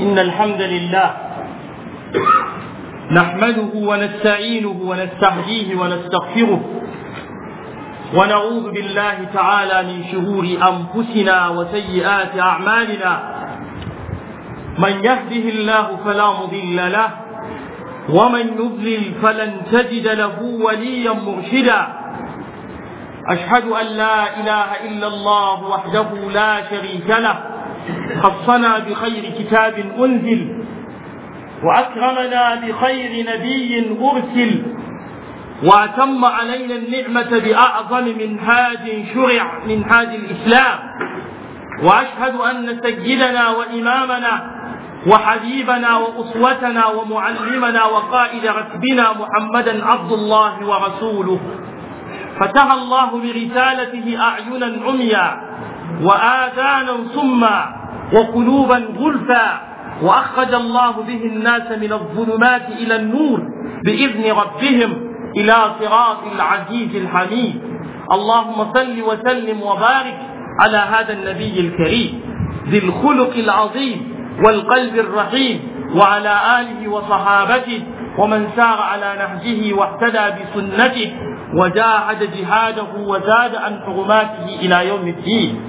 إن الحمد لله نحمده ونستعينه ونستهديه ونستغفره ونعوذ بالله تعالى من شرور أنفسنا وسيئات أعمالنا من يهده الله فلا مضل له ومن يضلل فلن تجد له وليا مرشدا أشهد أن لا إله إلا الله وحده لا شريك له خصنا بخير كتاب أنزل وأكرمنا بخير نبي أرسل وأتم علينا النعمة بأعظم منهاج شرع منهاج الإسلام وأشهد أن سيدنا وإمامنا وحبيبنا وأسوتنا ومعلمنا وقائد ركبنا محمدا عبد الله ورسوله فتح الله برسالته أعينا عميا وآذانا صما وقلوبا غلفا وأخرج الله به الناس من الظلمات إلى النور بإذن ربهم إلى صراط العزيز الحميد اللهم صل وسلم وبارك على هذا النبي الكريم ذي الخلق العظيم والقلب الرحيم وعلى آله وصحابته ومن سار على نهجه واهتدى بسنته وجاهد جهاده وزاد عن حرماته إلى يوم الدين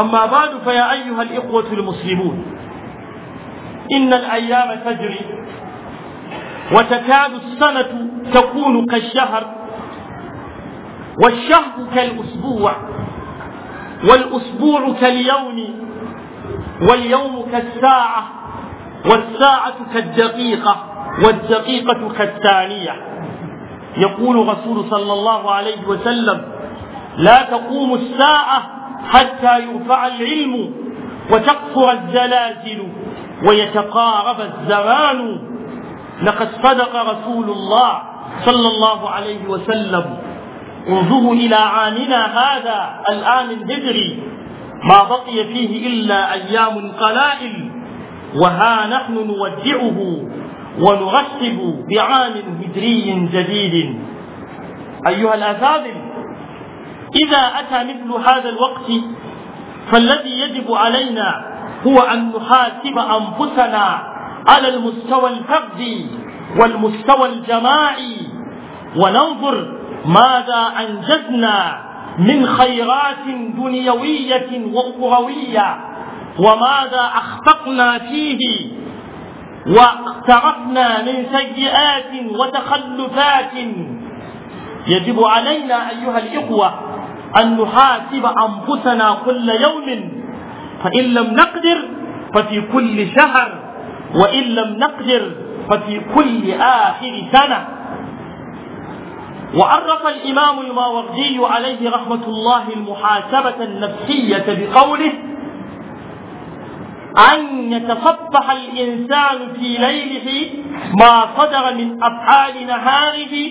أما بعد فيا أيها الإخوة المسلمون إن الأيام تجري وتكاد السنة تكون كالشهر والشهر كالأسبوع والأسبوع كاليوم واليوم كالساعة والساعة كالدقيقة والدقيقة كالثانية يقول رسول صلى الله عليه وسلم لا تقوم الساعة حتى يرفع العلم وتقصر الزلازل ويتقارب الزمان لقد صدق رسول الله صلى الله عليه وسلم انظروا إلى عامنا هذا الآن الهجري ما بقي فيه إلا أيام قلائل وها نحن نودعه ونرحب بعام هجري جديد أيها الأساتذة إذا أتى مثل هذا الوقت فالذي يجب علينا هو أن نحاسب أنفسنا على المستوى الفردي والمستوى الجماعي وننظر ماذا أنجزنا من خيرات دنيوية وأخروية وماذا أخطأنا فيه واقترفنا من سيئات وتخلفات يجب علينا أيها الإخوة أن نحاسب أنفسنا كل يوم فإن لم نقدر ففي كل شهر وإن لم نقدر ففي كل آخر سنة وعرف الإمام الماوردي عليه رحمة الله المحاسبة النفسية بقوله أن يتصفح الإنسان في ليله ما صدر من أفعال نهاره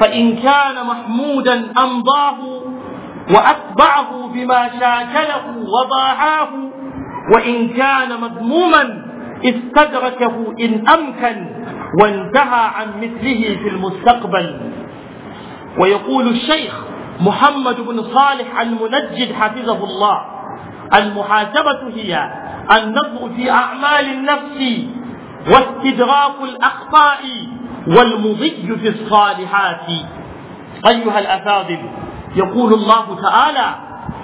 فإن كان محمودا أمضاه وأتبعه بما شاكله وضاعاه وإن كان مذموما استدركه إن أمكن وانتهى عن مثله في المستقبل ويقول الشيخ محمد بن صالح المنجد حفظه الله المحاسبة هي النظر في أعمال النفس واستدراك الأخطاء والمضي في الصالحات أيها الأفاضل يقول الله تعالى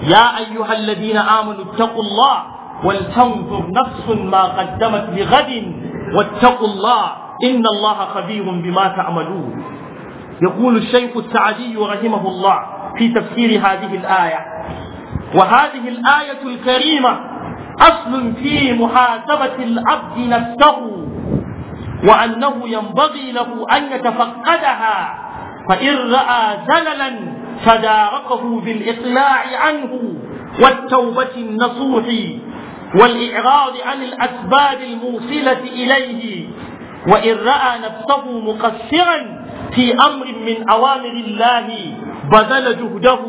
يا أيها الذين آمنوا اتقوا الله ولتنظر نفس ما قدمت لغد واتقوا الله إن الله خبير بما تعملون يقول الشيخ السعدي رحمه الله في تفسير هذه الآية وهذه الآية الكريمة أصل في محاسبة العبد نفسه وأنه ينبغي له أن يتفقدها فإن رأى زللا فداركه بالإقلاع عنه والتوبة النصوح والإعراض عن الأسباب الموصلة إليه وإن رأى نفسه مقصرا في أمر من أوامر الله بذل جهده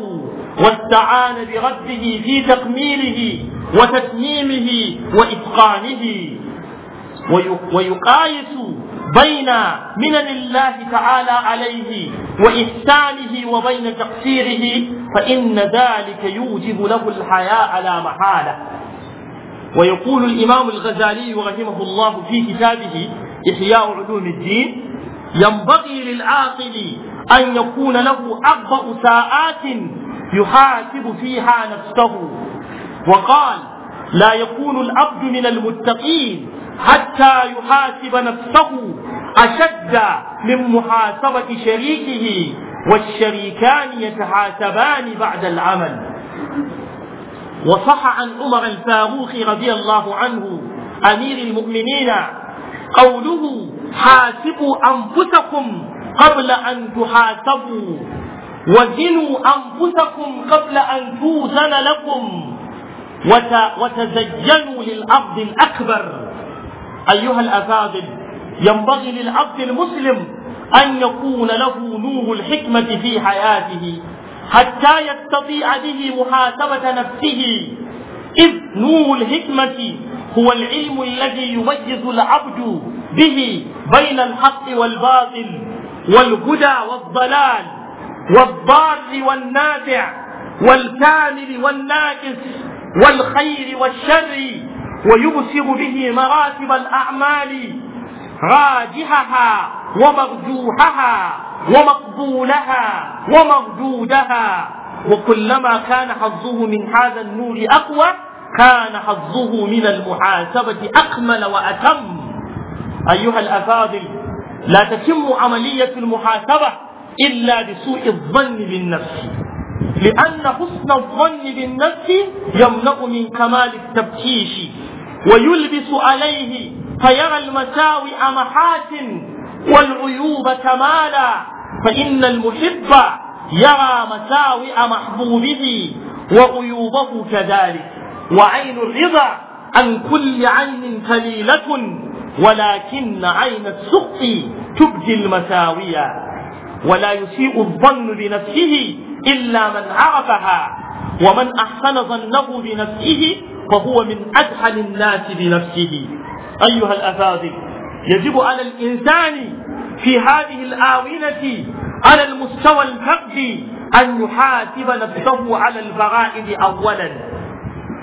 واستعان بربه في تكميله وتتميمه وإتقانه ويقايس بين منن الله تعالى عليه وإحسانه وبين تقصيره فإن ذلك يوجب له الحياء على محالة ويقول الإمام الغزالي رحمه الله في كتابه إحياء علوم الدين ينبغي للعاقل أن يكون له أربع ساعات يحاسب فيها نفسه وقال لا يكون العبد من المتقين حتى يحاسب نفسه أشد من محاسبة شريكه والشريكان يتحاسبان بعد العمل وصح عن عمر الفاروق رضي الله عنه أمير المؤمنين قوله حاسبوا أنفسكم قبل أن تحاسبوا وزنوا أنفسكم قبل أن توزن لكم وتزينوا للأرض الأكبر أيها الأفاضل ينبغي للعبد المسلم أن يكون له نور الحكمة في حياته حتى يستطيع به محاسبة نفسه إذ نور الحكمة هو العلم الذي يميز العبد به بين الحق والباطل والهدى والضلال والضار والنافع والكامل والناقص والخير والشر ويبصر به مراتب الأعمال راجحها ومرجوحها ومقبولها ومردودها وكلما كان حظه من هذا النور أقوى كان حظه من المحاسبة أكمل وأتم أيها الأفاضل لا تتم عملية المحاسبة إلا بسوء الظن بالنفس لأن حسن الظن بالنفس يمنع من كمال التفتيش ويلبس عليه فيرى المساوئ محاسن والعيوب كمالا فإن المحب يرى مساوئ محبوبه وعيوبه كذلك وعين الرضا عن كل عين قليلة ولكن عين السخط تبدي المساوية ولا يسيء الظن بنفسه إلا من عرفها ومن أحسن ظنه بنفسه فهو من أجهل الناس بنفسه أيها الأفاضل يجب على الإنسان في هذه الآونة على المستوى الفردي أن يحاسب نفسه على الفرائض أولا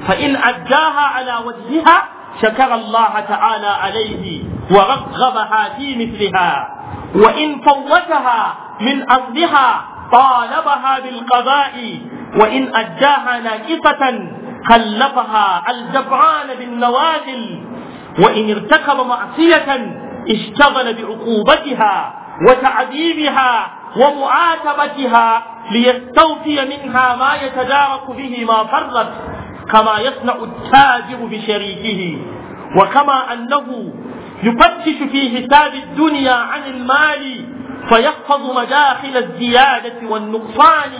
فإن أداها على وجهها شكر الله تعالى عليه ورغبها في مثلها وإن فوتها من أصلها طالبها بالقضاء وإن أداها ناكفة خلفها الجبعان بالنوازل وإن ارتكب معصية اشتغل بعقوبتها وتعذيبها ومعاتبتها ليستوفي منها ما يتدارك به ما فرت كما يصنع التاجر بشريكه وكما أنه يفتش في حساب الدنيا عن المال فيحفظ مداخل الزيادة والنقصان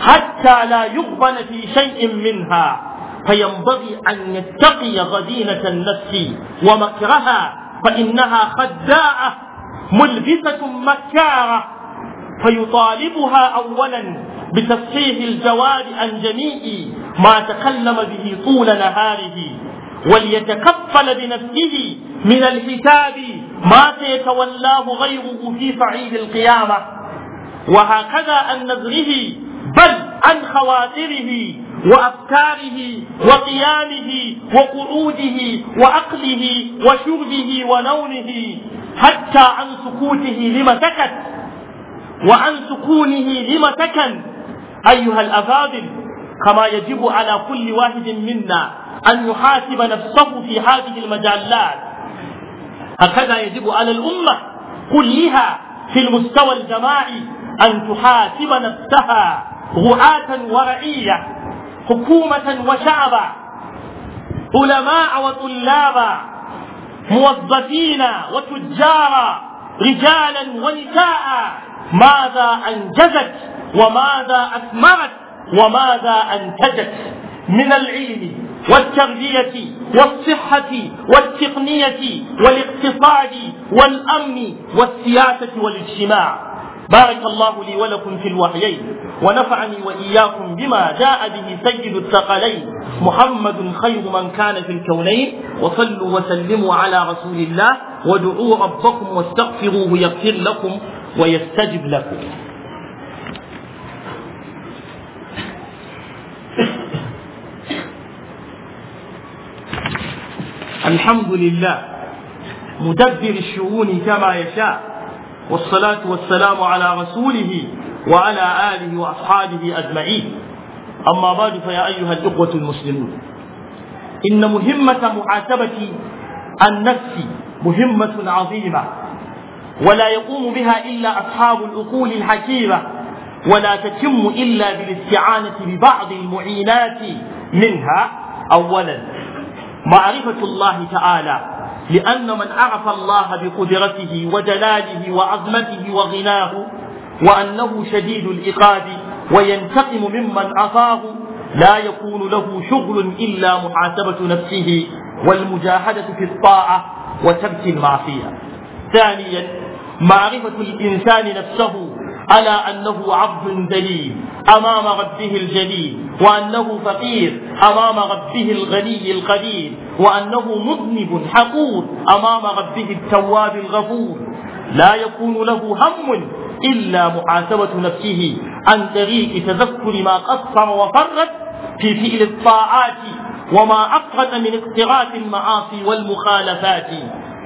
حتى لا يغبن في شيء منها فينبغي أن يتقي غزينة النفس ومكرها فإنها خداعة ملبسة مكارة فيطالبها أولا بتصحيح الجواب عن جميع ما تكلم به طول نهاره وليتكفل بنفسه من الحساب ما سيتولاه غيره في صعيد القيامة وهكذا عن نذره بل عن خواطره وأفكاره وقيامه وقعوده وأقله وشربه ونومه حتى عن سكوته لما سكت وعن سكونه لما سكن أيها الأفاضل كما يجب على كل واحد منا أن يحاسب نفسه في هذه المجلات هكذا يجب على الأمة كلها في المستوى الجماعي أن تحاسب نفسها رعاة ورعية حكومة وشعبا علماء وطلابا موظفين وتجارا رجالا ونساء ماذا أنجزت وماذا أثمرت وماذا أنتجت من العلم والتغذية والصحة والتقنية والاقتصاد والأمن والسياسة والاجتماع بارك الله لي ولكم في الوحيين ونفعني وإياكم بما جاء به سيد الثقلين محمد خير من كان في الكونين وصلوا وسلموا على رسول الله وادعوا ربكم واستغفروه يغفر لكم ويستجب لكم الحمد لله مدبر الشؤون كما يشاء والصلاة والسلام على رسوله وعلى آله وأصحابه أجمعين أما بعد فيا أيها الإخوة المسلمون إن مهمة محاسبة النفس مهمة عظيمة ولا يقوم بها إلا أصحاب العقول الحكيمة ولا تتم إلا بالاستعانة ببعض المعينات منها أولا معرفة الله تعالى لأن من عرف الله بقدرته وجلاله وعظمته وغناه وأنه شديد العقاب وينتقم ممن عصاه لا يكون له شغل إلا محاسبة نفسه والمجاهدة في الطاعة وترك المعصية ثانيا معرفة الإنسان نفسه على أنه عبد ذليل امام ربه الجليل وانه فقير امام ربه الغني القدير وانه مذنب حقور امام ربه التواب الغفور لا يكون له هم الا محاسبه نفسه عن طريق تذكر ما قصر وفرت في فعل الطاعات وما أفرد من اقتراف المعاصي والمخالفات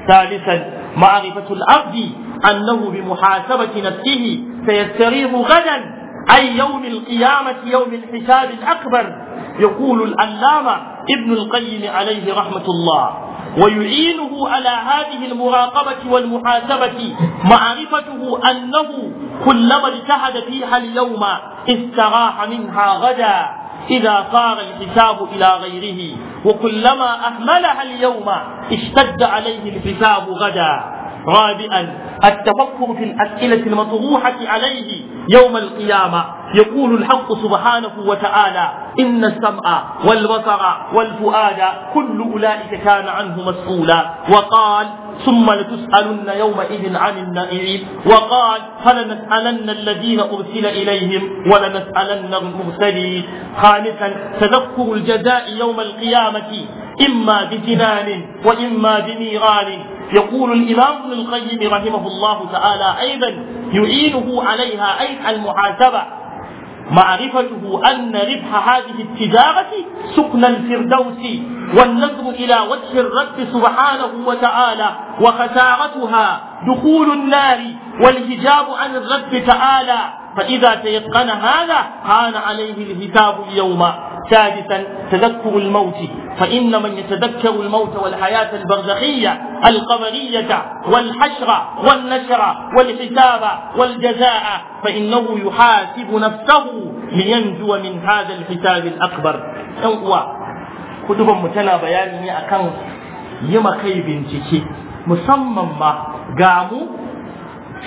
ثالثا معرفة العبد أنه بمحاسبة نفسه سيستريح غدا أي يوم القيامة يوم الحساب الأكبر يقول العلامة ابن القيم عليه رحمة الله ويعينه على هذه المراقبة والمحاسبة معرفته أنه كلما اجتهد فيها اليوم استراح منها غدا إذا صار الحساب إلى غيره وكلما أهملها اليوم اشتد عليه الحساب غدا رابعا التفكر في الأسئلة المطروحة عليه يوم القيامة يقول الحق سبحانه وتعالى إن السمع والبصر والفؤاد كل أولئك كان عنه مسؤولا وقال ثم لتسألن يومئذ عن النعيم وقال فلنسألن الذين أرسل إليهم ولنسألن المرسلين خامسا تذكر الجزاء يوم القيامة إما بجنان وإما بنيران يقول الإمام ابن القيم رحمه الله تعالى أيضا يعينه عليها أي المحاسبة معرفته أن ربح هذه التجارة سكن الفردوس والنظر إلى وجه الرب سبحانه وتعالى وخسارتها دخول النار والحجاب عن الرب تعالى فإذا تيقن هذا كان عليه الحساب اليوم سادسا تذكر الموت فإن من يتذكر الموت والحياة البرزخية القبرية والحشر والنشر والحساب والجزاء فإنه يحاسب نفسه لينجو من هذا الحساب الأكبر أنقوى كتب متنا بياني أكن يما كي بنتكي مسمى ما قاموا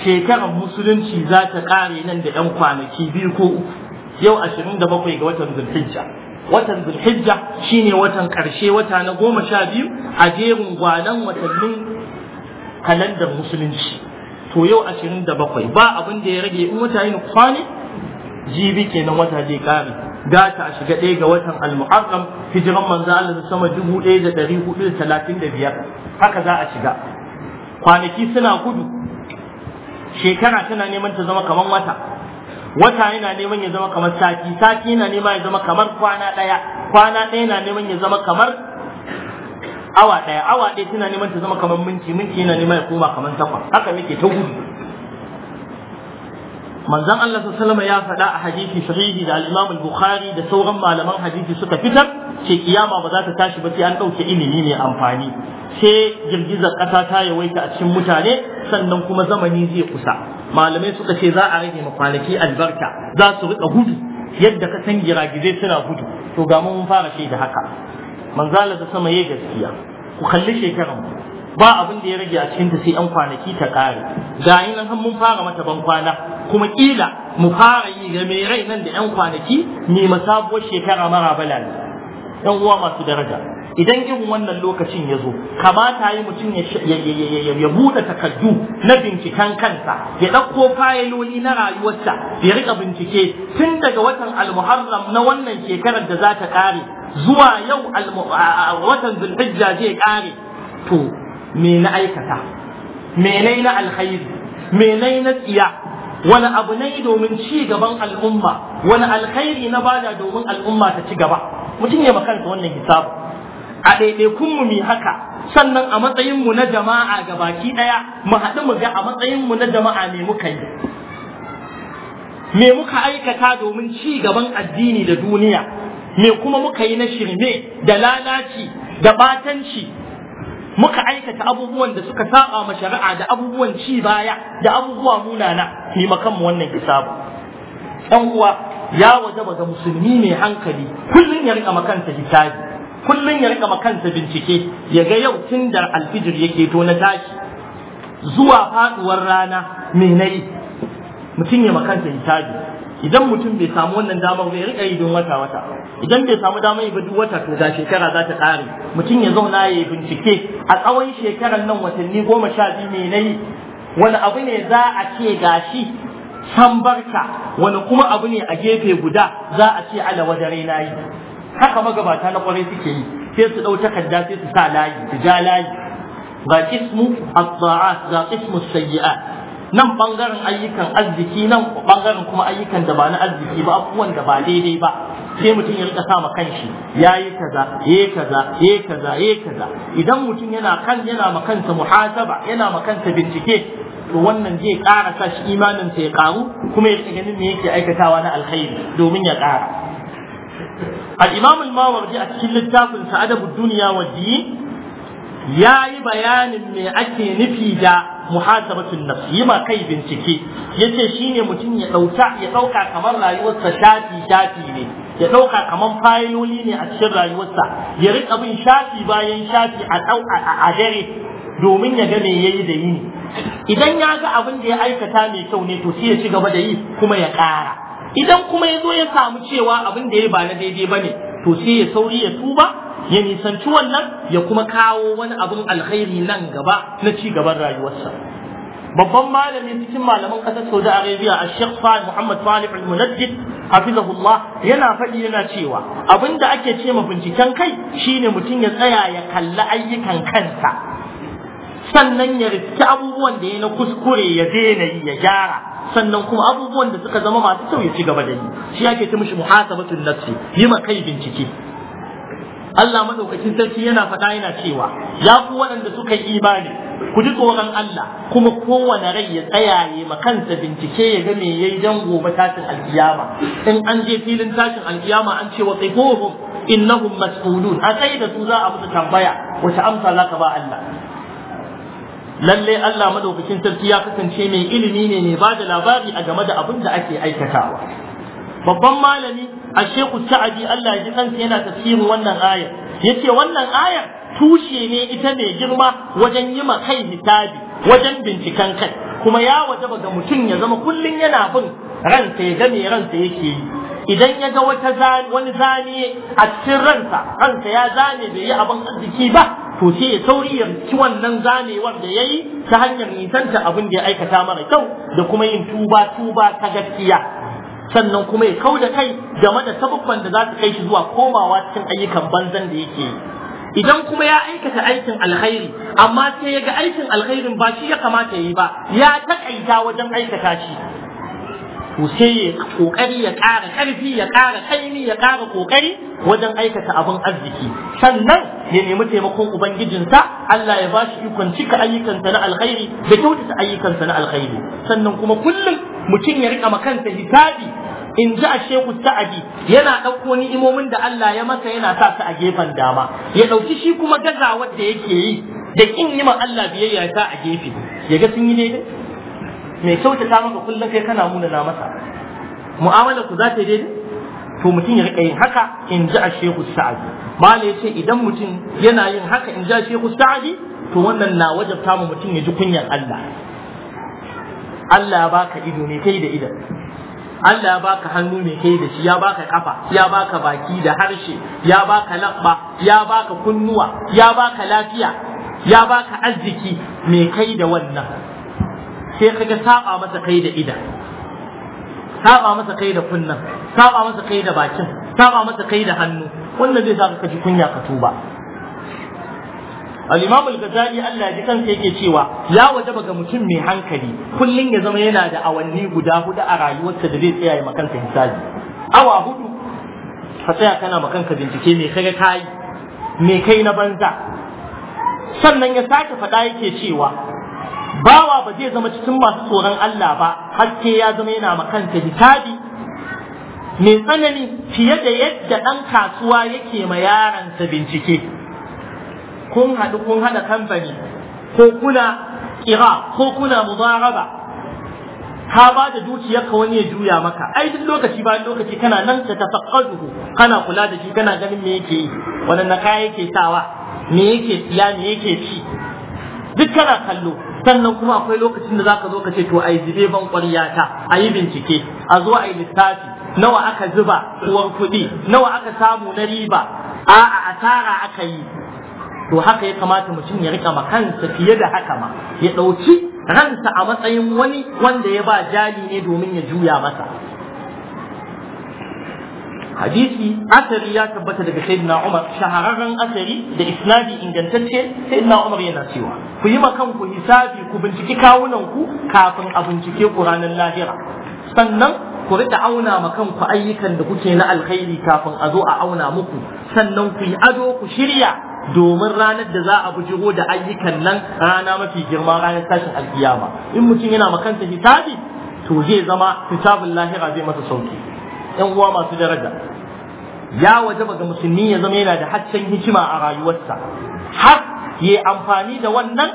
shekarar musulunci za ta ƙare nan da 'yan kwanaki biyu ko uku yau 27 ga watan zulhijja watan zulhijja shine watan karshe wata na goma sha biyu a jerin gwanan watannin kalandar musulunci to yau ashirin da bakwai ba abin da ya rage in wata yin kwani jibi kenan wata zai kare gata a shiga ɗaya ga watan al-muharram hijiran manzo Allah sama dubu ɗaya da ɗari hudu da talatin da biyar haka za a shiga kwanaki suna gudu shekara tana neman ta zama kamar wata wata yana neman ya zama kamar sati sati yana neman ya zama kamar kwana ɗaya kwana ɗaya yana neman ya zama kamar awa ɗaya awa ɗaya tana neman ta zama kamar minti minti yana neman ya koma kamar takwas haka muke ta gudu manzon Allah sallallahu ya faɗa a hadisi sahihi da al-Imam al-Bukhari da sauran malaman hadisi suka fitar ce kiyama ba za ta tashi ba sai an ɗauke ilimi mai amfani sai girgizar ƙasa ta yawaita a cikin mutane sannan kuma zamani zai kusa malamai suka ce za a rage kwanaki albarka za su rika gudu yadda ka san giragizai suna gudu to ga mun fara shi da haka manzala ta sama ya gaskiya ku kalli shekaran ba abin da ya rage a cikin ta sai yan kwanaki ta kare ga yi nan mun fara mata ban kwana kuma kila mu fara yi ga mai rai nan da yan kwanaki ne masabuwar shekara mara balali yan uwa masu daraja idan irin wannan lokacin ya zo kamata yi mutum ya buɗe takardu na binciken kansa ya ɗauko fayiloli na rayuwarsa ya riƙa bincike tun daga watan almuharram na wannan shekarar da za ta ƙare zuwa yau watan zulhijja zai ƙare to me na aikata me na alkhairi me na tsiya wani abu ne domin ci gaban al'umma wani alkhairi na bada domin al'umma ta ci gaba mutum ya makansa wannan hisabu a ɗaiɗaikunmu mu mi haka sannan a matsayinmu na jama'a ga baki ɗaya mu haɗu mu ga a matsayin mu na jama'a me muka yi me muka aikata domin ci gaban addini da duniya me kuma muka yi na shirme da lalaci da batanci muka aikata abubuwan da suka saba ma shari'a da abubuwan ci baya da abubuwa munana ni makan wannan hisabu ɗan uwa ya wajaba ga musulmi mai hankali kullun ya rika makanta hisabi kullum ya rika makanta bincike ya ga yau tun da alfijir yake to na tashi zuwa faduwar rana me nayi mutum ya makanta hisabi idan mutum bai samu wannan damar bai rika yi don wata wata idan bai samu damar yi ba duk wata to da shekara za ta ƙare mutum ya zauna ya yi bincike a tsawon shekarar nan watanni goma sha biyu ne nayi. yi wani abu ne za a ce gashi san barka wani kuma abu ne a gefe guda za a ce ala wajare na yi haka magabata na kwarai suke yi sai su ɗau takarda sai su sa layi su ja layi ga ismu at-ta'at ga ismu sayyi'at nan ɓangaren ayyukan arziki nan bangaren kuma ayyukan da ba na arziki ba abubuwan da ba daidai ba sai mutum ya rika sa ma kanshi yayi kaza yayi kaza yayi kaza yayi kaza idan mutum yana kan yana ma kansa muhasaba yana ma kansa bincike to wannan zai ƙara sa shi imanin sa ya ƙaru kuma ya ganin me yake aikatawa na alkhairi domin ya ƙara al-imam al-mawardi a cikin littafin sa adabu dunya wa din ya yi bayanin me ake nufi da muhasabatun nafs yi ma kai bincike yace shine mutum ya dauka ya dauka kamar rayuwarsa shafi shafi ne ya dauka kamar fayiloli ne a cikin rayuwarsa ya rika bin shafi bayan shafi a dau a dare domin ya ga me yayi da yini idan ya ga abin da ya aikata mai kyau ne to sai ya ci gaba da yi kuma ya ƙara idan kuma yazo ya samu cewa abin da ya ba na daidai ba to sai ya sauri ya tuba ya nisanci wannan ya kuma kawo wani abin alkhairi nan gaba na ci gaban rayuwarsa babban malami cikin malaman ƙasar Saudi Arabia a Sheikh Fahd Muhammad Salih Al-Munajjid hafizahullah yana faɗi yana cewa abinda ake ce ma binciken kai shine mutum ya tsaya ya kalli ayyukan kansa sannan ya riski abubuwan da ya na kuskure ya daina yi ya gyara sannan kuma abubuwan da suka zama masu kyau ya ci gaba da yi shi ake ce mishi muhasabatu nafsi yi ma kai bincike Allah madaukakin sarki yana faɗa yana cewa ya ku waɗanda suka yi imani ku ji tsoron Allah kuma kowane rai ya tsayaye ma kansa bincike ya ga me yayi dan gobe tashin alkiyama in an je filin tashin alkiyama an ce wa tsifuhum innahum mas'ulun a tsaye da su za a musu tambaya wace amsa za ka ba Allah lalle Allah madaukakin sarki ya kasance mai ilimi ne mai ba da labari a game da abin da ake aikatawa babban malami asheku sa'adi Allah ya ji kansa yana tafsirin wannan ayar yace wannan ayar tushe ne ita mai girma wajen yi ma kai hitabi, wajen binciken kai kuma ya waje ga mutum ya zama kullum yana bin ransa ya ga me ransa yake yi idan ya ga wata wani zane a cikin ransa ransa ya zane bai yi abin arziki ba to sai ya sauri ya ci wannan zanewar da ya yi ta hanyar nisanta abin da ya aikata mara kyau da kuma yin tuba tuba ta gaskiya sannan kuma ya kau da kai game da sababban da za su kai shi zuwa komawa cikin ayyukan banzan da yake yi idan kuma ya aikata aikin alkhairi amma sai ya ga aikin alkhairin ba shi ya kamata ya yi ba ya taƙaita wajen aikata shi to sai ya kokari ya ƙara ƙarfi ya ƙara kaimi ya ƙara kokari wajen aikata abin arziki sannan ya nemi taimakon ubangijinsa Allah ya bashi ikon cika ayyukansa na alkhairi da kyautata ayyukansa na alkhairi sannan kuma kullum mutum ya rika makansa hisabi in ji a shehu sa'adi yana ɗauko ni'imomin da Allah ya masa yana sa su a gefen dama ya ɗauki shi kuma gazawar da yake yi da kin yi ma Allah biyayya sa a gefe ya ga sun yi daidai mai kyautata maka kullum kai kana munana masa mu'amala ku za ta yi daidai to mutum ya rika yin haka in ji a shehu sa'adi ne ce idan mutum yana yin haka in ji a shehu sa'adi to wannan na wajabta mu mutum ya ji kunyar Allah Allah ya baka ido ne kai da idan Allah ya baka hannu ne kai da shi ya baka kafa ya baka baki da harshe ya baka labba ya baka kunnuwa ya baka lafiya ya baka arziki mai kai da wannan sai kaga saba masa kai da ida saba masa kai da kunnan saba masa kai da bakin saba masa kai da hannu wannan zai saka kaji kunya ka tuba al-imam al-ghazali Allah ji kansa yake cewa ya wajaba ga mutum mai hankali kullun ya zama yana da awanni guda hudu a rayuwarsa da zai tsaya ya makansa hisabi awa hudu ka tsaya kana kanka bincike me kaga kai me kai na banza sannan ya sake faɗa yake cewa bawa ba zai zama cikin masu tsoron Allah ba haske ya zama yana makanta hisabi mai tsanani fiye da yadda ɗan kasuwa yake ma yaransa bincike kun haɗu kun haɗa kamfani ko kuna ƙira ko kuna mubaraba ka ba da dukiyarka wani ya juya maka ai duk lokaci bayan lokaci kana nan ta tafaqqaduhu kana kula da shi kana ganin me yake yi wannan kaya yake sawa me yake siya me yake ci duk kana kallo sannan kuma akwai lokacin da zaka zo ka ce to ai zibe ban ƙwarya ta ayi bincike a zo ayi littafi nawa aka zuba uwar kuɗi nawa aka samu na riba a'a asara aka yi to haka ya kamata mutum ya rika kansa fiye da haka ma ya ɗauki ransa a matsayin wani wanda ya ba jali ne domin ya juya masa hadisi asari ya tabbata daga sayyidina Umar shahararren asari da isnadi ingantacce sayyidina Umar yana cewa ku yi makan ku hisabi ku binciki kawunan ku kafin a bincike ku ranar lahira sannan ku rika auna makan ku ayyukan da kuke na alkhairi kafin a zo a auna muku sannan ku yi ado ku shirya domin ranar da za a bujiro da ayyukan nan rana mafi girma ranar tashin alkiyama in mutum yana makanta hisabi to zai zama hisabin lahira zai masa sauki yan uwa masu daraja ya wajaba ga musulmi ya zama yana da haccen hikima a rayuwarsa har ya amfani da wannan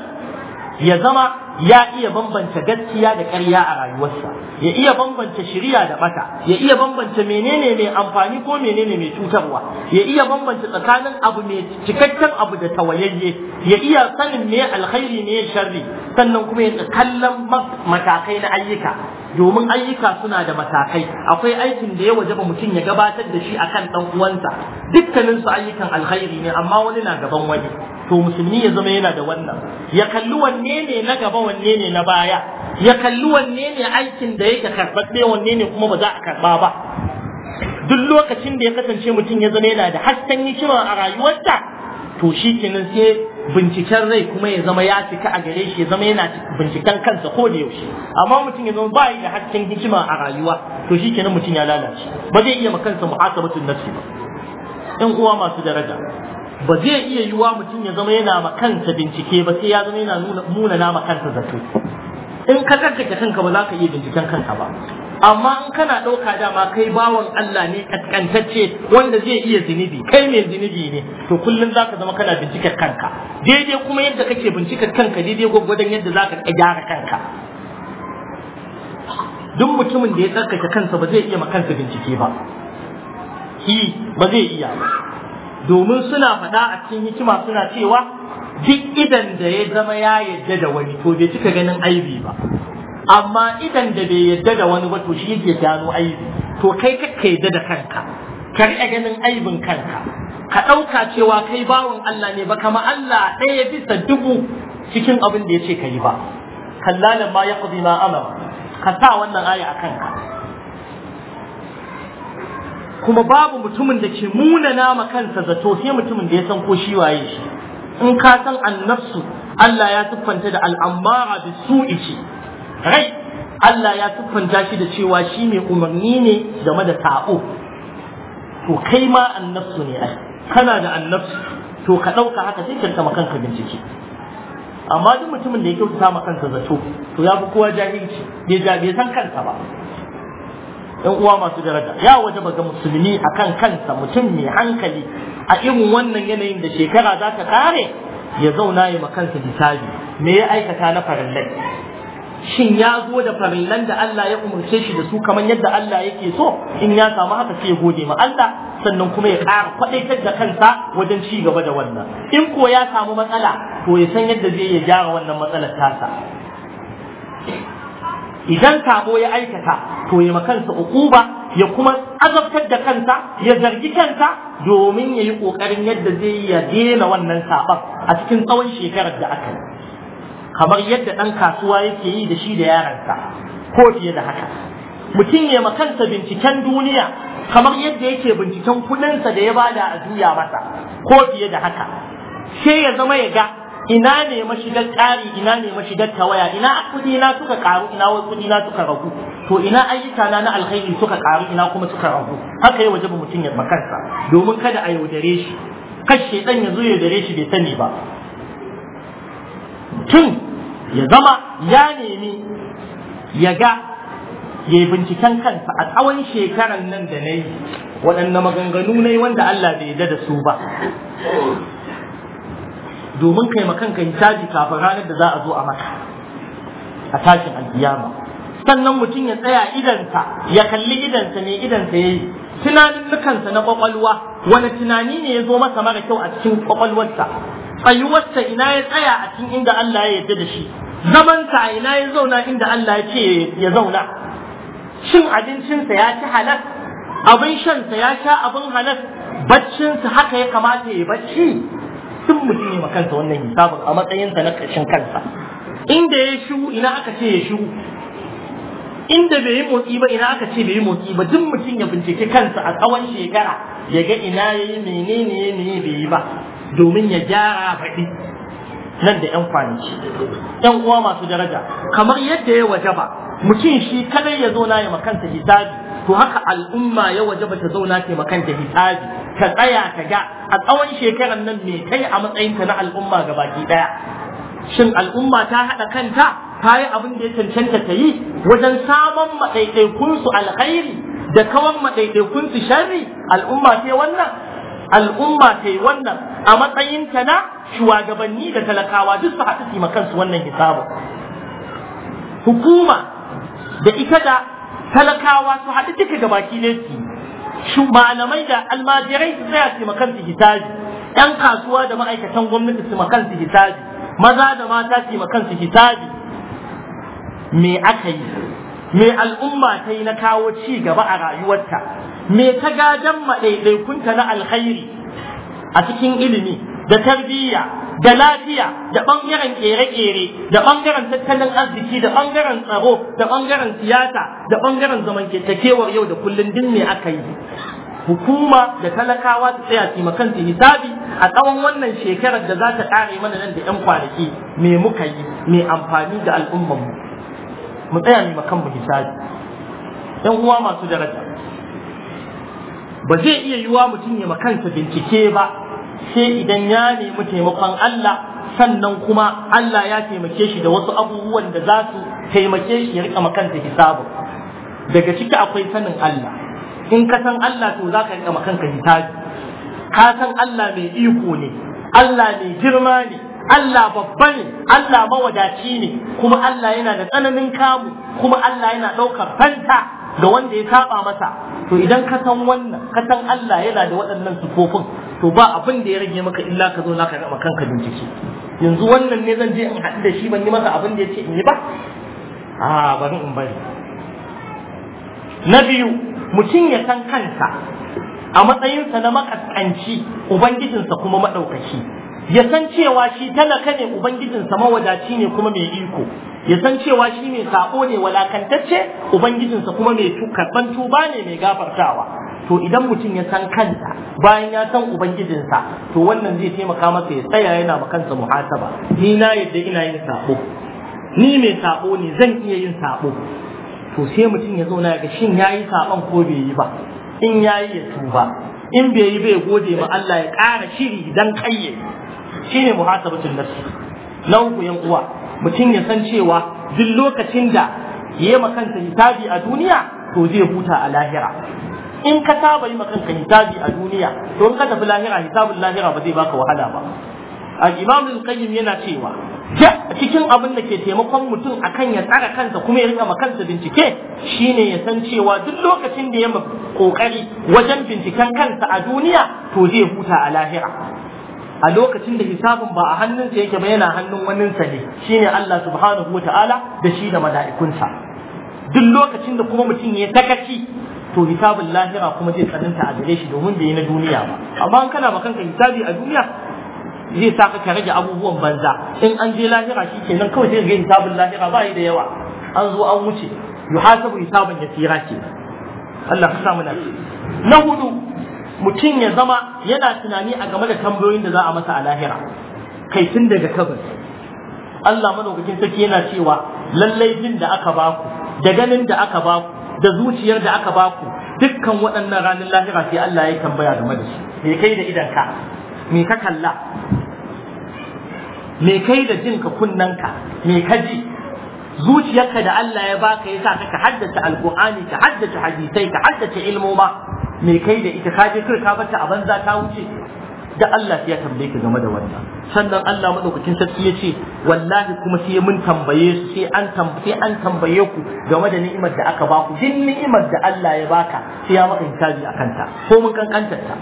ya zama ya iya bambanta gaskiya da ƙarya a rayuwarsa ya iya bambanta shiriya da bata ya iya bambanta menene mai amfani ko menene mai cutarwa ya iya bambanta tsakanin abu mai cikakken abu da tawayayye ya iya sanin me alkhairi ne sharri sannan kuma ya kallon matakai na ayyuka domin ayyuka suna da matakai akwai aikin da ya wajaba mutum ya gabatar da shi akan dan uwansa dukkanin su ayyukan alkhairi ne amma wani na gaban wani to musulmi ya zama yana da wannan ya kalli wanne ne na gaba wanne ne na baya ya kalli wanne ne aikin da yake karɓaɓɓe wanne ne kuma ba za a karɓa ba duk lokacin da ya kasance mutum ya zama yana da hasken hikima a rayuwarsa to shi kenan sai binciken rai kuma ya zama ya cika a gare shi ya zama yana binciken kansa ko da yaushe amma mutum ya zama ba yi da hakkin hikima a rayuwa to shi kenan mutum ya lalace ba zai iya makansa muhasabatun nafsi ba ɗan uwa masu daraja ba zai iya yiwa mutum ya zama yana makansa bincike ba sai ya zama yana nuna na makansa zato in ka tsarkake kanka ba za ka iya binciken kanka ba amma in kana ɗauka dama kai bawan Allah ne kaskantacce wanda zai iya zunubi kai mai zunubi ne to kullum za ka zama kana bincikar kanka daidai kuma yadda kake bincikar kanka daidai gwaggwadon yadda za ka gyara kanka duk mutumin da ya tsarkake kansa ba zai iya ma kansa bincike ba shi ba zai iya ba domin suna faɗa a cikin hikima suna cewa duk idan da ya zama ya yadda da wani to bai cika ganin aibi ba amma idan da bai yadda da wani ba shi yake gano aibi to kai ka yadda da kanka ka riƙa ganin aibin kanka ka ɗauka cewa kai bawan Allah ne ba kama Allah ɗaya bisa dubu cikin abin da ya ce ka yi ba kallalan ma ya kuzi ma amara ka sa wannan aya a kanka kuma babu mutumin da ke muna nama kansa zato sai mutumin da ya san ko shi waye shi in ka san annafsu Allah ya siffanta da al'ammara da su'i rai Allah ya tuffanta shi da cewa shi mai umarni ne game da ta'o. to kai ma annafsu ne ai kana da annafsu to ka ɗauka haka sai kyauta kanka bincike amma duk mutumin da ya kyautata ma kansa zato to ya fi kowa jahilci bai ja bai san kansa ba ɗan uwa masu daraja ya waje ga musulmi akan kansa mutum mai hankali a irin wannan yanayin da shekara za ta kare ya zauna ya kansa littafi. me ya aikata na farallai shin ya zo da farillan da Allah ya umarce shi da su kamar yadda Allah yake so in ya samu haka sai ya gode ma Allah sannan kuma ya ƙara kwaɗaitar da kansa wajen ci gaba da wannan in ko ya samu matsala to ya san yadda zai ya gyara wannan matsalar tasa idan sabo ya aikata to ya makansa ukuba ya kuma azabtar da kansa ya zargi kansa domin ya yi ƙoƙarin yadda zai ya daina wannan saɓar a cikin tsawon shekarar da aka yi kamar yadda ɗan kasuwa yake yi da shi da yaransa ko fiye da haka mutum ya makansa binciken duniya kamar yadda yake binciken kuɗinsa da ya bada a juya masa ko fiye da haka sai ya zama ya ga ina ne mashigar ƙari ina ne mashigar tawaya ina kudi na suka karu ina wai kudi na suka ragu to ina ayyuka na na alkhairi suka karu ina kuma suka ragu haka yawa waje mutum ya makansa domin kada a yaudare shi kashe ɗan ya zo yaudare shi bai sani ba mutum ya zama ya nemi ya ga ya yi binciken kansa a tsawon shekaran nan da na yi waɗanne maganganu na yi wanda Allah bai yarda da su ba domin kai makanka caji kafin ranar da za a zo a maka a tashin aljiyama sannan mutum ya tsaya idansa ya kalli idansa ne idansa ya yi tunanin na kwakwalwa wani tunani ne ya zo masa mara kyau a cikin kwakwalwarsa tsayuwarsa ina ya tsaya a cikin inda Allah ya yarda da shi Zaman a ina ya zauna inda Allah ya ce ya zauna Shin abincinsa ya ci halal abin shansa ya sha abin halal baccinsa haka ya kamata ya bacci sun mutum ya makansa wannan hisabin a matsayinsa na ƙarshen kansa inda ya shu ina aka ce ya shu inda bai yi motsi ba ina aka ce bai yi motsi ba duk mutum ya bincike kansa a tsawon shekara ya ga ina ya yi menene ne bai yi ba domin ya gyara faɗi nan da 'yan kwanaki 'yan uwa masu daraja kamar yadda ya wajaba mutum shi kadai ya zauna ya makanta hisabi to haka al'umma ya wajaba ta zauna ta makanta hisabi ta tsaya ta ga a tsawon shekaran nan me kai a matsayinta na al'umma gabaki ɗaya? shin al'umma ta haɗa kanta ta yi abin da ya cancanta ta yi wajen samun maɗaiɗaikunsu alkhairi da kawan su sharri al'umma ce wannan al'umma ta yi wannan a matsayinta na shugabanni da talakawa duk su haɗu su kansu wannan hisabu. hukuma da ita da talakawa su haɗu duka ga baki ne su malamai da almajirai su tsaya su kansu hisabi ɗan kasuwa da ma'aikatan gwamnati su kansu hisabi maza da mata su kansu hisabi me aka yi me al'umma ta yi na kawo ci gaba a rayuwarta me ta gadan maɗaiɗaikunta na alkhairi a cikin ilimi da tarbiyya da lafiya da ɓangaren ƙere-ƙere da ɓangaren tattalin arziki da ɓangaren tsaro da ɓangaren siyasa da ɓangaren zamantakewar yau da kullum din me aka yi hukuma da talakawa ta tsaya su makan su hisabi a tsawon wannan shekarar da za ta ƙare mana nan da 'yan kwanaki me muka yi me amfani da al'ummarmu mu tsaya mu makan mu hisabi 'yan uwa masu daraja ba zai iya yiwa mutum ya makansa bincike ba sai idan ya nemi taimakon Allah sannan kuma Allah ya taimake shi da wasu abubuwan da za su taimake shi ya rika makanta hisabu daga ciki akwai sanin Allah in ka san Allah to za ka rika makanta hisabi ka san Allah mai iko ne Allah mai girma ne Allah babba ne Allah mawadaci ne kuma Allah yana da tsananin kamu kuma Allah yana ɗaukar fanta ga wanda ya saba masa to idan ka san wannan ka san Allah yana da waɗannan sufofin to ba abin da ya rage maka illa ka zo na ka rama kanka bincike yanzu wannan ne zan je in haɗu da shi ban yi masa abin da ya ce in yi ba a bari in bari na biyu mutum ya san kansa a matsayinsa na makaskanci ubangijinsa kuma maɗaukaki ya san cewa shi talaka ne ubangijinsa mawadaci ne kuma mai iko ya san cewa shi mai sako ne walakantacce ubangijinsa kuma mai karban tuba ne mai gafartawa to idan mutum ya san kanta bayan ya san ubangijinsa to wannan zai taimaka masa ya tsaya yana ma kansa muhasaba ni na yadda ina yin sako ni mai sako ne zan iya yin sako to sai mutum ya zauna ya ga shin yayi sakon ko bai yi ba in yayi ya tuba in bai yi bai gode ma Allah ya ƙara shiri dan kayye shine muhasabatul nafsi na uku yan uwa mutum ya san cewa duk lokacin da yayi ma hisabi a duniya to zai huta a lahira in ka saba yi ma hisabi a duniya to in ka tafi lahira hisabul lahira ba zai baka wahala ba al-imam al-qayyim yana cewa cikin abin da ke taimakon mutum akan ya tsara kansa kuma ya rika kansa bincike shine ya san cewa duk lokacin da ya kokari wajen binciken kansa a duniya to zai huta a lahira a lokacin da hisabin ba a hannunsa yake ba yana hannun waninsa ne shine Allah subhanahu wataala da shi da mala'ikunsa duk lokacin da kuma mutum ya takaci to hisabin lahira kuma zai tsananta a gare shi domin bai yi na duniya ba amma kana ba kanka hisabi a duniya zai sa ka rage abubuwan banza in an je lahira shi kenan kawai sai ga hisabin lahira ba yi da yawa an zo an wuce yuhasabu ya yasira ke Allah ka samu na na hudu mutum ya zama yana tunani a game da tambayoyin da za a masa a lahira kai tun daga kabin Allah madaukakin sarki yana cewa lallai jin da aka baku da ganin da aka baku da zuciyar da aka baku dukkan waɗannan ranar lahira sai Allah ya tambaya game da shi me kai da idanka me ka kalla me kai da jin kunnanka me ka ji zuciyarka da Allah ya baka yasa ka ka haddace alqur'ani ka haddace hadisai ka haddace ilmoma me kai da ita ka je kar ka bata a banza ta wuce da Allah ya tambaye ka game da wannan sannan Allah madaukakin sarki ya ce wallahi kuma sai mun tambaye su sai an tambaye an tambaye ku game da ni'imar da aka baku duk ni'imar da Allah ya baka sai ya maka hisabi akan ta ko mun kankantar ta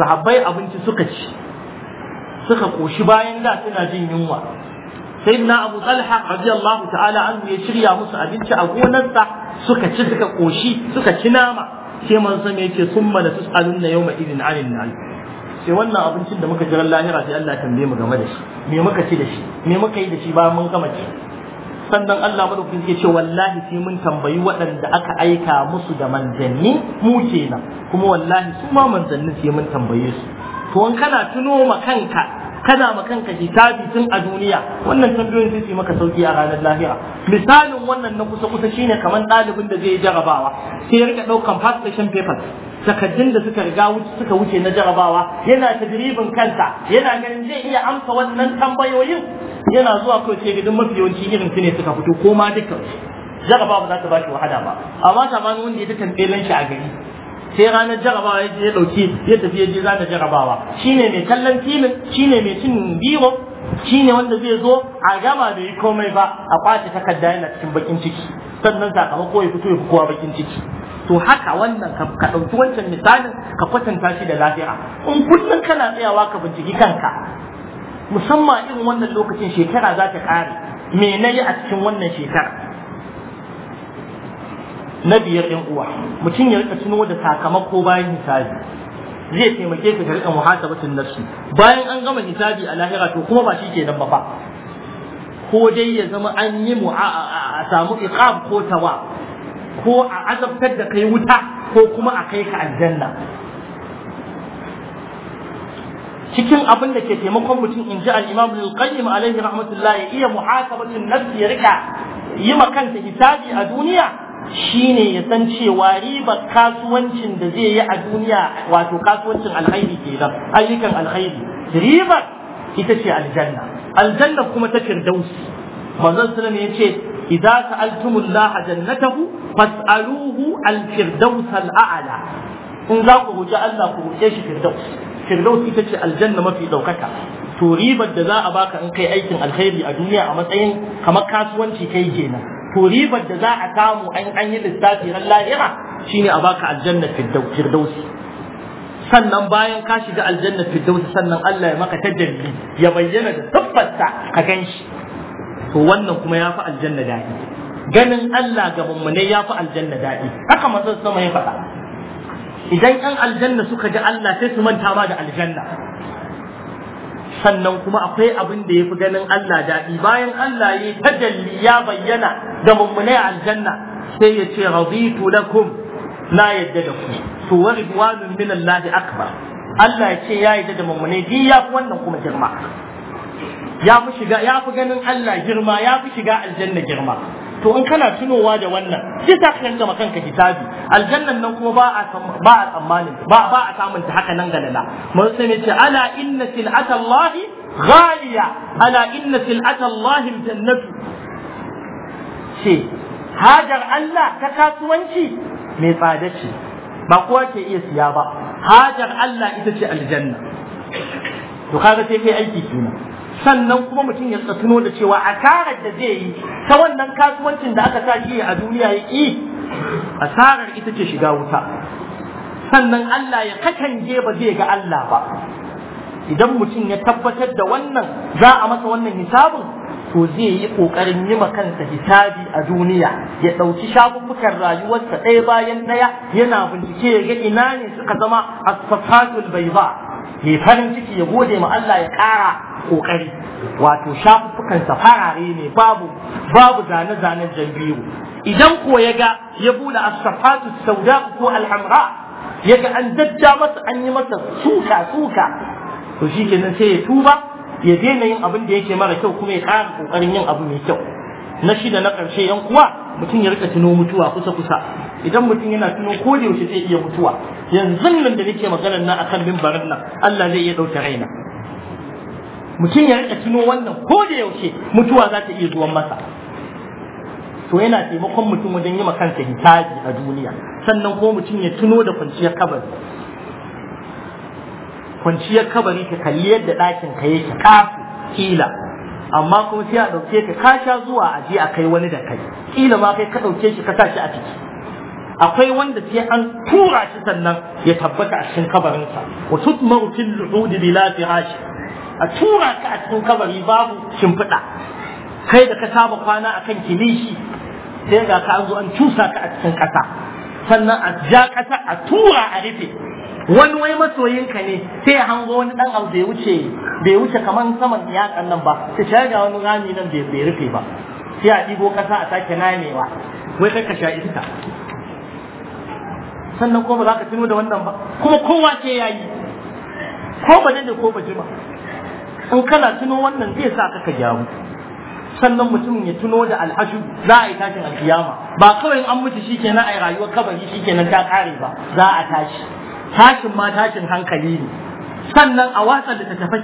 sahabbai abinci suka ci suka koshi bayan da suna jin yunwa sayyidina abu talha radiyallahu ta'ala an ya shirya musu abinci a gonarsa suka ci suka koshi suka ci nama sai manzo me yace summa la tusalunna yawma idin 'anil nar sai wannan abincin da muka jira lahira sai Allah tambaye mu game da shi me muka ci da shi me muka yi da shi bayan mun gama ci sannan Allah madaukakin ya ce wallahi sai mun tambayi waɗanda aka aika musu da manzanni mu kenan kuma wallahi su ma manzanni sai mun tambaye su to kana tuno ma kanka kana ma kanka hisabi tun a duniya wannan tambayoyin zai maka sauki a ranar lahira misalin wannan na kusa kusa shine kamar ɗalibin da zai jarabawa sai ya rika ɗaukan past papers takaddun da suka riga suka wuce na jarabawa yana tajribin kanta. yana ganin zai iya amsa wannan tambayoyin yana zuwa kawai sai gidan mafi yawanci irin su ne suka fito ko ma duka jarabawa ba za ta ba shi wahala ba amma tamanin wanda ya ta tambaye shi a gari sai ranar jarabawa ya dauki ya tafi ya je zana jarabawa shine mai kallon filin shine mai cin biro shine wanda zai zo a gama da yi komai ba a kwace takarda yana cikin bakin ciki sannan sakamako ya fito ya fi kowa bakin ciki to haka wannan ka ɗauki wancan misalin ka kwatanta shi da lafiya in kullum kana tsayawa ka binciki kanka musamman irin wannan lokacin shekara za ta ƙare me na yi a cikin wannan shekara na biyar ɗin uwa mutum ya rika tuno da sakamako bayan hisabi zai taimake ka rika batun nafsi bayan an gama hisabi a lahira to kuma ba shi ke nan ba fa ko dai ya zama an yi mu a samu iqab ko tawa ko a azabtar da kai wuta ko kuma a kai ka aljanna cikin abin da ke taimakon mutum in ji al-imam alaihi rahmatullah ya iya muhasabatun nafsi ya rika yi ma kanta hisabi a duniya shine ya san cewa ribar kasuwancin da zai yi a duniya wato kasuwancin alkhairi kenan ayyukan alkhairi ribar ita ce aljanna aljanna kuma ta firdausi manzon sallallahu alaihi wasallam yace idza sa'altumullaha jannatahu fas'aluhu al-firdaus al-a'la in za ku roƙi Allah ku roƙe shi firdaus firdaus ita ce aljanna mafi ɗaukata, to ribar da za a baka in kai aikin alkhairi a duniya a matsayin kamar kasuwanci kai kenan to ribar da za a samu an an yi lissafi ran lahira shine a baka aljanna firdausi sannan bayan ka shiga aljanna firdausi sannan Allah ya maka tajalli ya bayyana da tabbarsa ka ganshi to wannan kuma ya fi aljanna daɗi ganin Allah ga mummunai ya fi aljanna daɗi haka manzon sama ya faɗa idan 'yan aljanna suka ji Allah sai su manta ma da aljanna sannan kuma akwai abin da ya fi ganin Allah daɗi bayan Allah ya tajalli ya bayyana da mummunai aljanna sai ya ce raditu lakum na yadda da ku to wa ridwanun min Allah akbar Allah ya ce ya yadda da mummunai bi ya fi wannan kuma girma ya fi shiga ya fi ganin Allah girma ya fi shiga aljanna girma to in kana tunowa da wannan sai ta kan gama kanka hisabi aljannan nan kuma ba a ba a tsammanin ba ba a samun ta haka nan galala mun sai ce ala inna sil'ata Allah ghaliya ala inna sil'ata Allah jannatu ce hajar Allah ta kasuwanci mai tsada ce ba kowa ke iya siya ba hajar Allah ita ce aljanna to kaga sai kai aiki kenan sannan kuma mutum ya tsatuno da cewa a asarar da zai yi ta wannan kasuwancin da aka tashi a duniya ya ƙi asarar ita ce shiga wuta sannan Allah ya katange ba zai ga Allah ba idan mutum ya tabbatar da wannan za a masa wannan hisabin to zai yi ƙoƙarin yi kansa hisabi a duniya ya ɗauki shafuffukan rayuwarsa ɗaya bayan ɗaya yana bincike ya ga ina ne suka zama asfafatul bai ba ya farin ciki ya gode ma Allah ya ƙara kokari wato shafukan farare ne babu babu zane zanen biyu idan ko ya ga ya bude as sauda ko alhamra ya ga an dadda masa an yi masa suka suka to shi kenan sai ya tuba ya daina yin abin da yake mara kyau kuma ya ƙara kokarin yin abu mai kyau na shida na ƙarshe yan uwa mutum ya rika tuno mutuwa kusa kusa idan mutum yana tuno ko da yaushe zai iya mutuwa yanzu nan da nake maganar nan akan mimbarin nan Allah zai iya ɗauke raina mutum ya rika tuno wannan ko da yaushe mutuwa za ta iya zuwan masa to yana taimakon mutum wajen yi kansa hitaji a duniya sannan ko mutum ya tuno da kwanciyar kabari kwanciyar kabari ka kalli yadda ɗakin ka yake kafu kila amma kuma sai a ɗauke ka ka sha zuwa a je a kai wani da kai kila ma kai ka ɗauke shi ka sa shi a ciki akwai wanda sai an tura shi sannan ya tabbata a cikin kabarinsa wa tutmaru fil luhud bila a tura ka a cikin kabari babu shimfiɗa kai da ka saba kwana a kan kilishi sai ga ka zo an cusa ka a cikin ƙasa sannan a ja ƙasa a tura a rufe wani wai masoyinka ne sai ya hango wani ɗan abu bai wuce bai wuce kamar saman yakan nan ba sai shayar da wani rami nan bai rufe ba sai a ɗibo ƙasa a sake namewa wai kai ka sha iska sannan ko ba za ka tuno da wannan ba kuma kowa ke ya yi ko ba da ko ba jima in kana tuno wannan zai sa ka gyaru sannan mutumin ya tuno da alhashu za a yi tashin alkiyama ba kawai an mutu shikenan a yi rayuwar kabari shikenan ta kare ba za a tashi tashin ma tashin hankali ne sannan a watsa da tafai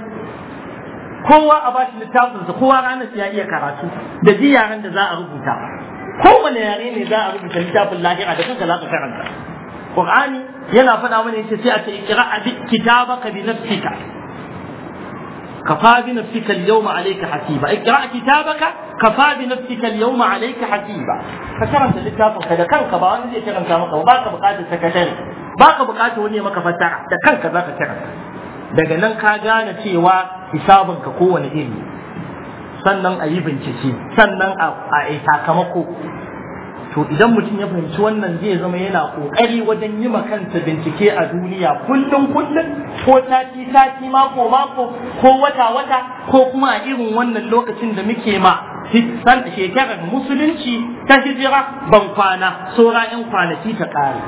kowa a bashi littafinsa kowa ranar ya iya karatu da ji yaren da za a rubuta kowane yare ne za a rubuta littafin lahira da kanka za ka karanta Qur'ani yana faɗa mana yace sai a ce iqra bi kitabaka bi nafsika kafa bi nafsika al-yawma alayka hasiba ikra kitabaka kafa bi nafsika al-yawma alayka hasiba ka karanta littafin ka da kanka ba wani zai karanta maka ba ba ka bukatar wani maka fassara da kanka daga nan ka gane cewa hisabin ka kowane iri sannan a yi bincike sannan a sakamako to idan mutum ya fahimci wannan zai zama yana kokari wajen yi kansa bincike a duniya kullum kullum ko sati sati mako mako ko wata wata ko kuma a irin wannan lokacin da muke ma san shekarar musulunci ta hijira ban kwana saura yan kwanaki ta ƙare.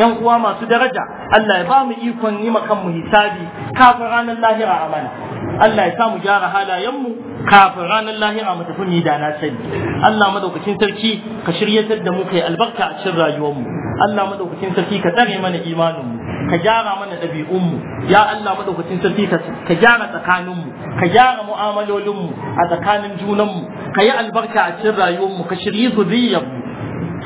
yan uwa masu daraja Allah ya ba mu ikon yi kanmu hisabi kafin ranar lahira amana Allah ya samu gyara halayenmu kafin ranar lahira mu tafi da na sani Allah madaukakin sarki ka shiryatar da mu kai albarka a cikin rayuwarmu Allah madaukakin sarki ka tsare mana imaninmu ka gyara mana ɗabi'unmu ya Allah madaukakin sarki ka gyara tsakaninmu ka gyara mu'amalolinmu a tsakanin junanmu ka yi albarka a cikin rayuwarmu ka shiryi zuriyarmu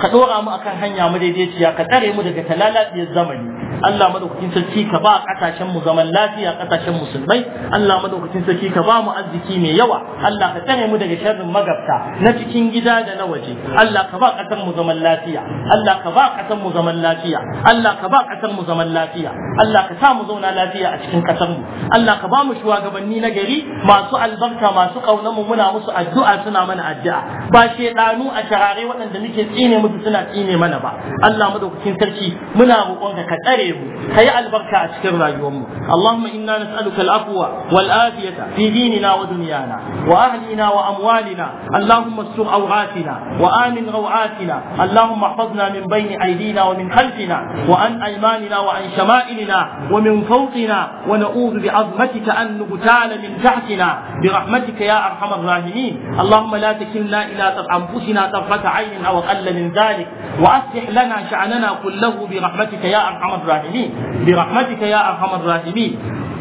ka ɗora mu akan hanya madaidaiciya ka tsare mu daga talalaciyar zamani Allah madaukakin sarki ka ba kasashen mu zaman lafiya kasashen musulmai Allah madaukakin sarki ka ba mu arziki mai yawa Allah ka tsare mu daga sharrin magabta na cikin gida da na waje Allah ka ba kasar mu zaman lafiya Allah ka ba kasar mu zaman lafiya Allah ka ba kasar mu zaman lafiya Allah ka sa mu zauna lafiya a cikin kasar mu Allah ka ba mu shugabanni na gari masu albarka masu kauna mu muna musu addu'a suna mana addu'a ba shedanu a sharare waɗanda muke tsine musu suna tsine mana ba Allah madaukakin sarki muna roƙon ka كريم هيا البركة أشكر يوم اللهم إنا نسألك الأقوى والآفية في ديننا ودنيانا وأهلنا وأموالنا اللهم استر أوراتنا وآمن روعاتنا اللهم احفظنا من بين أيدينا ومن خلفنا وعن أيماننا وعن شمائلنا ومن فوقنا ونعوذ بعظمتك أن نبتال من تحتنا برحمتك يا أرحم الراحمين اللهم لا تكلنا إلى أنفسنا طرفة عين أو أقل من ذلك وأصلح لنا شأننا كله برحمتك يا أرحم الراحمين الراحمين برحمتك يا ارحم الراحمين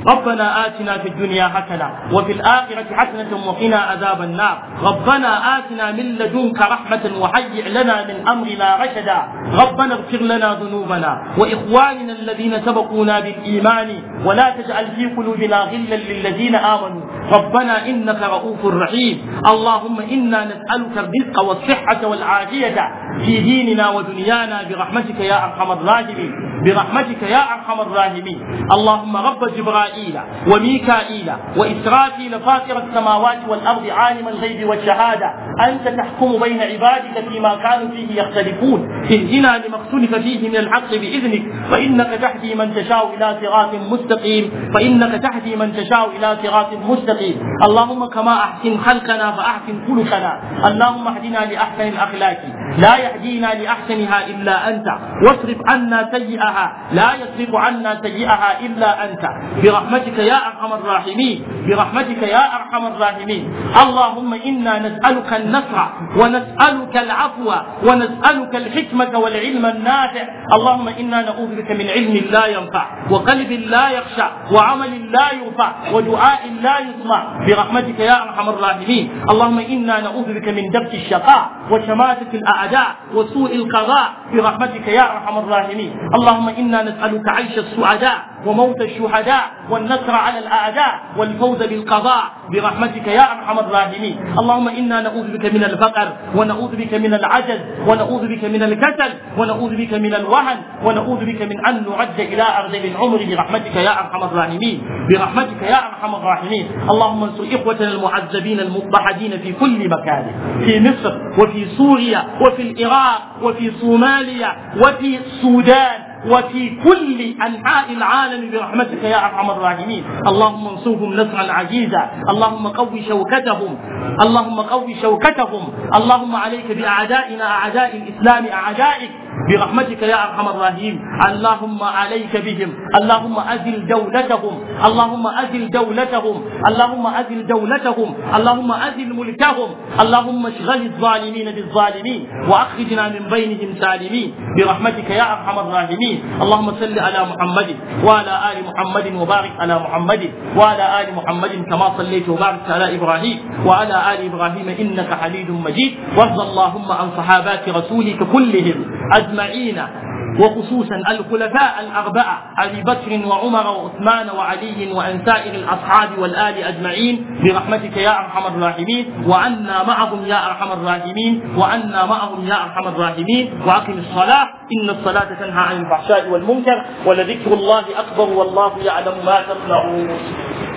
ربنا آتنا في الدنيا حسنة وفي الآخرة حسنة وقنا عذاب النار ربنا آتنا من لدنك رحمة وهيئ لنا من أمرنا رشدا ربنا اغفر لنا ذنوبنا وإخواننا الذين سبقونا بالإيمان ولا تجعل في قلوبنا غلا للذين آمنوا ربنا إنك رؤوف رحيم اللهم إنا نسألك الرزق والصحة والعافية في ديننا ودنيانا برحمتك يا ارحم الراحمين برحمتك يا ارحم الراحمين اللهم رب جبرائيل وميكائيل واسرافيل فاطر السماوات والارض عالم الغيب والشهاده انت تحكم بين عبادك فيما كانوا فيه يختلفون اهدنا لما اختلف فيه من الحق باذنك فانك تهدي من تشاء الى صراط مستقيم فانك تهدي من تشاء الى صراط مستقيم اللهم كما احسن خلقنا فاحسن خلقنا اللهم اهدنا لاحسن الاخلاق لا يهدينا لأحسنها إلا أنت واصرف عنا سيئها لا يصرف عنا سيئها إلا أنت برحمتك يا أرحم الراحمين برحمتك يا أرحم الراحمين اللهم إنا نسألك النصر ونسألك العفو ونسألك الحكمة والعلم النافع اللهم إنا نعوذ بك من علم لا ينفع وقلب لا يخشع وعمل لا يرفع ودعاء لا يسمع برحمتك يا أرحم الراحمين اللهم إنا نعوذ بك من دبس الشقاء وشماتة الأعداء وسوء القضاء برحمتك يا ارحم الراحمين اللهم انا نسالك عيش السعداء وموت الشهداء والنصر على الأعداء والفوز بالقضاء برحمتك يا أرحم الراحمين اللهم إنا نعوذ بك من الفقر ونعوذ بك من العجز ونعوذ بك من الكسل ونعوذ بك من الوهن ونعوذ بك من أن نعد إلى أرض العمر برحمتك يا أرحم الراحمين برحمتك يا أرحم الراحمين اللهم انصر إخوتنا المعذبين المضطهدين في كل مكان في مصر وفي سوريا وفي العراق وفي صوماليا وفي السودان وفي كل أنحاء العالم برحمتك يا أرحم الراحمين اللهم انصرهم نصرا عزيزا اللهم قوي شوكتهم اللهم قوي شوكتهم اللهم عليك بأعدائنا أعداء الإسلام أعدائك برحمتك يا ارحم الراحمين اللهم عليك بهم اللهم اذل دولتهم اللهم اذل دولتهم اللهم اذل دولتهم اللهم اذل ملكهم اللهم اشغل الظالمين بالظالمين واخرجنا من بينهم سالمين برحمتك يا ارحم الراحمين اللهم صل على محمد وعلى ال محمد وبارك على محمد وعلى ال محمد كما صليت وباركت على ابراهيم وعلى ال ابراهيم انك حميد مجيد وارض اللهم عن صحابات رسولك كلهم أجمعين وخصوصا الخلفاء الأربعة أبي بكر وعمر وعثمان وعلي وعن سائر الأصحاب والآل أجمعين برحمتك يا أرحم الراحمين وعنا معهم يا أرحم الراحمين وعنا معهم يا أرحم الراحمين وأقم الصلاة إن الصلاة تنهى عن الفحشاء والمنكر ولذكر الله أكبر والله يعلم ما تصنعون